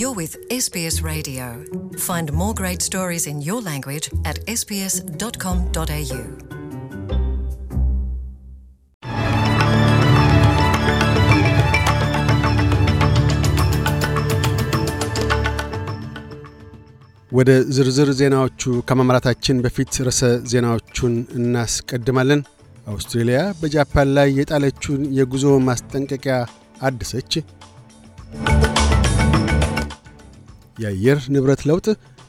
You're with SBS Radio. Find more great stories in your language at sbs.com.au. ወደ ዝርዝር ዜናዎቹ ከማምራታችን በፊት ርዕሰ ዜናዎቹን እናስቀድማለን። አውስትሬልያ በጃፓን ላይ የጣለችውን የጉዞ ማስጠንቀቂያ አድሰች የአየር ንብረት ለውጥ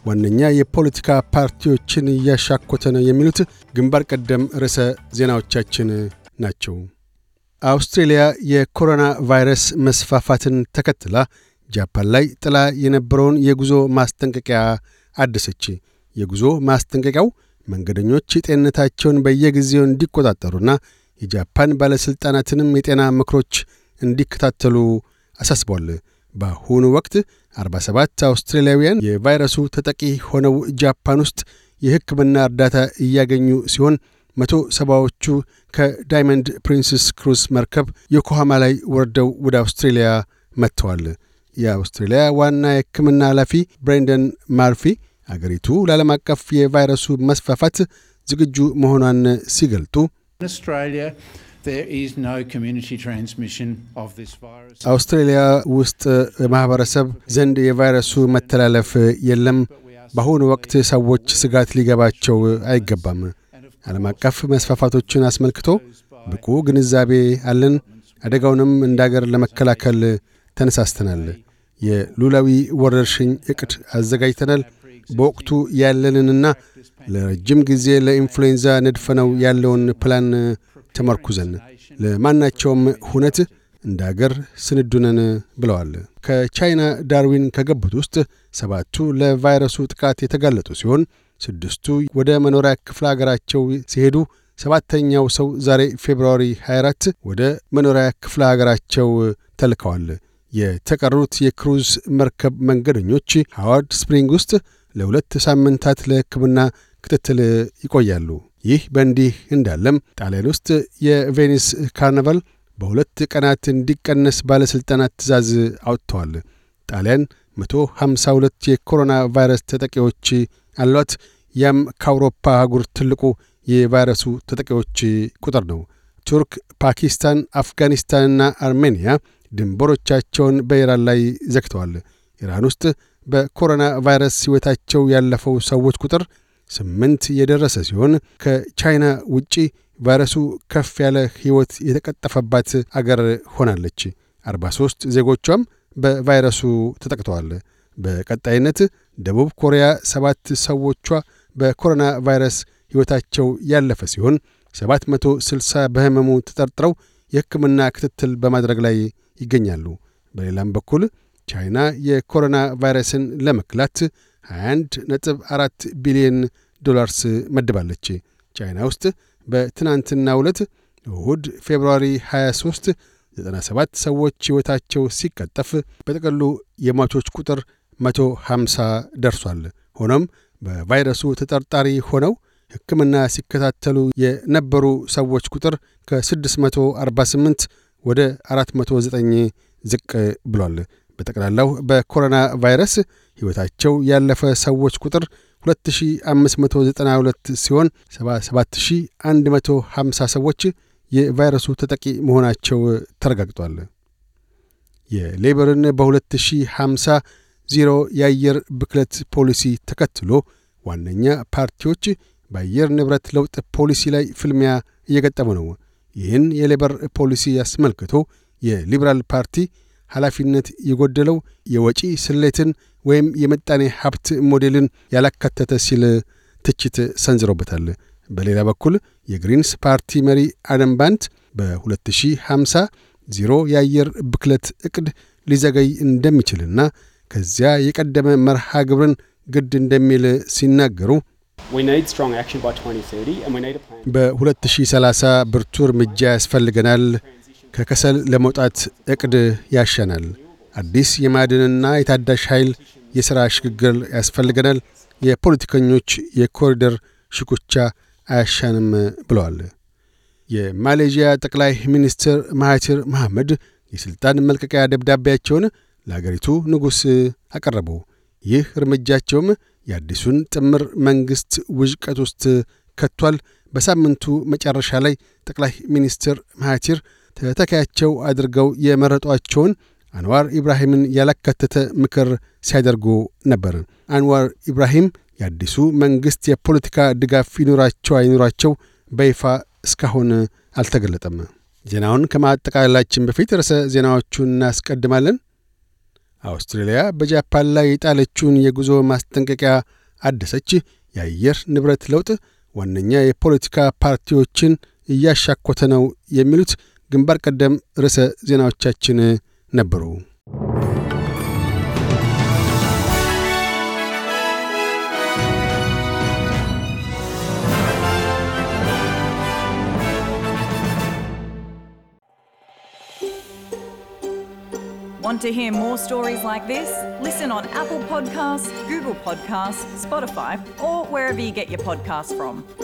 ዋነኛ የፖለቲካ ፓርቲዎችን እያሻኮተ ነው የሚሉት ግንባር ቀደም ርዕሰ ዜናዎቻችን ናቸው። አውስትሬልያ የኮሮና ቫይረስ መስፋፋትን ተከትላ ጃፓን ላይ ጥላ የነበረውን የጉዞ ማስጠንቀቂያ አደሰች። የጉዞ ማስጠንቀቂያው መንገደኞች ጤንነታቸውን በየጊዜው እንዲቆጣጠሩና የጃፓን ባለሥልጣናትንም የጤና ምክሮች እንዲከታተሉ አሳስቧል። በአሁኑ ወቅት 47 አውስትራሊያውያን የቫይረሱ ተጠቂ ሆነው ጃፓን ውስጥ የሕክምና እርዳታ እያገኙ ሲሆን መቶ ሰባዎቹ ከዳይመንድ ፕሪንስስ ክሩዝ መርከብ ዮኮሃማ ላይ ወርደው ወደ አውስትሬልያ መጥተዋል። የአውስትሬልያ ዋና የሕክምና ኃላፊ ብሬንደን ማርፊ አገሪቱ ለዓለም አቀፍ የቫይረሱ መስፋፋት ዝግጁ መሆኗን ሲገልጡ አውስትራሊያ ውስጥ ማህበረሰብ ዘንድ የቫይረሱ መተላለፍ የለም። በአሁኑ ወቅት ሰዎች ስጋት ሊገባቸው አይገባም። ዓለም አቀፍ መስፋፋቶችን አስመልክቶ ብቁ ግንዛቤ አለን። አደጋውንም እንደ አገር ለመከላከል ተነሳስተናል። የሉላዊ ወረርሽኝ እቅድ አዘጋጅተናል። በወቅቱ ያለንንና ለረጅም ጊዜ ለኢንፍሉዌንዛ ነድፈነው ያለውን ፕላን ተመርኩዘን ለማናቸውም ሁነት እንደ አገር ስንዱነን ብለዋል። ከቻይና ዳርዊን ከገቡት ውስጥ ሰባቱ ለቫይረሱ ጥቃት የተጋለጡ ሲሆን ስድስቱ ወደ መኖሪያ ክፍለ አገራቸው ሲሄዱ ሰባተኛው ሰው ዛሬ ፌብርዋሪ 24 ወደ መኖሪያ ክፍለ አገራቸው ተልከዋል። የተቀሩት የክሩዝ መርከብ መንገደኞች ሃዋርድ ስፕሪንግ ውስጥ ለሁለት ሳምንታት ለሕክምና ክትትል ይቆያሉ። ይህ በእንዲህ እንዳለም ጣሊያን ውስጥ የቬኒስ ካርናቫል በሁለት ቀናት እንዲቀነስ ባለሥልጣናት ትእዛዝ አውጥተዋል። ጣሊያን 152 የኮሮና ቫይረስ ተጠቂዎች አሏት። ያም ከአውሮፓ አህጉር ትልቁ የቫይረሱ ተጠቂዎች ቁጥር ነው። ቱርክ፣ ፓኪስታን፣ አፍጋኒስታንና አርሜንያ ድንበሮቻቸውን በኢራን ላይ ዘግተዋል። ኢራን ውስጥ በኮሮና ቫይረስ ሕይወታቸው ያለፈው ሰዎች ቁጥር ስምንት የደረሰ ሲሆን ከቻይና ውጪ ቫይረሱ ከፍ ያለ ሕይወት የተቀጠፈባት አገር ሆናለች። 43 ዜጎቿም በቫይረሱ ተጠቅተዋል። በቀጣይነት ደቡብ ኮሪያ ሰባት ሰዎቿ በኮሮና ቫይረስ ሕይወታቸው ያለፈ ሲሆን 760 በህመሙ ተጠርጥረው የሕክምና ክትትል በማድረግ ላይ ይገኛሉ። በሌላም በኩል ቻይና የኮሮና ቫይረስን ለመክላት 21 4 ቢሊዮን ዶላርስ መድባለች። ቻይና ውስጥ በትናንትና ዕለት እሁድ ፌብርዋሪ 23 97 ሰዎች ሕይወታቸው ሲቀጠፍ በጥቅሉ የሟቾች ቁጥር 150 ደርሷል። ሆኖም በቫይረሱ ተጠርጣሪ ሆነው ሕክምና ሲከታተሉ የነበሩ ሰዎች ቁጥር ከ648 ወደ 409 ዝቅ ብሏል። በጠቅላላው በኮሮና ቫይረስ ሕይወታቸው ያለፈ ሰዎች ቁጥር 2592 ሲሆን 77150 ሰዎች የቫይረሱ ተጠቂ መሆናቸው ተረጋግጧል። የሌበርን በ2050 ዜሮ የአየር ብክለት ፖሊሲ ተከትሎ ዋነኛ ፓርቲዎች በአየር ንብረት ለውጥ ፖሊሲ ላይ ፍልሚያ እየገጠሙ ነው። ይህን የሌበር ፖሊሲ አስመልክቶ የሊበራል ፓርቲ ኃላፊነት የጎደለው የወጪ ስሌትን ወይም የመጣኔ ሀብት ሞዴልን ያላካተተ ሲል ትችት ሰንዝሮበታል። በሌላ በኩል የግሪንስ ፓርቲ መሪ አደም ባንት በ2050 ዜሮ የአየር ብክለት እቅድ ሊዘገይ እንደሚችልና ከዚያ የቀደመ መርሃ ግብርን ግድ እንደሚል ሲናገሩ በ2030 ብርቱ እርምጃ ያስፈልገናል ከከሰል ለመውጣት እቅድ ያሸናል። አዲስ የማዕድንና የታዳሽ ኃይል የሥራ ሽግግር ያስፈልገናል። የፖለቲከኞች የኮሪደር ሽኩቻ አያሻንም ብለዋል። የማሌዥያ ጠቅላይ ሚኒስትር ማህቲር መሐመድ የሥልጣን መልቀቂያ ደብዳቤያቸውን ለአገሪቱ ንጉሥ አቀረቡ። ይህ እርምጃቸውም የአዲሱን ጥምር መንግሥት ውዥቀት ውስጥ ከቷል። በሳምንቱ መጨረሻ ላይ ጠቅላይ ሚኒስትር ማህቲር ተተካያቸው አድርገው የመረጧቸውን አንዋር ኢብራሂምን ያላካተተ ምክር ሲያደርጉ ነበር። አንዋር ኢብራሂም የአዲሱ መንግሥት የፖለቲካ ድጋፍ ይኑራቸው አይኑራቸው በይፋ እስካሁን አልተገለጠም። ዜናውን ከማጠቃለላችን በፊት ርዕሰ ዜናዎቹን እናስቀድማለን። አውስትሬልያ በጃፓን ላይ የጣለችውን የጉዞ ማስጠንቀቂያ አደሰች። የአየር ንብረት ለውጥ ዋነኛ የፖለቲካ ፓርቲዎችን እያሻኮተ ነው የሚሉት ግንባር ቀደም ርዕሰ ዜናዎቻችን ነበሩ። Want to hear more stories like this? Listen on Apple Podcasts, Google Podcasts, Spotify, or wherever you get your podcasts from.